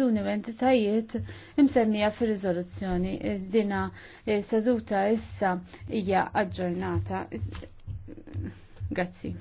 Duni u imsemmija fir riżoluzzjoni dina eh, seduta issa hija aġġornata. Grazzi.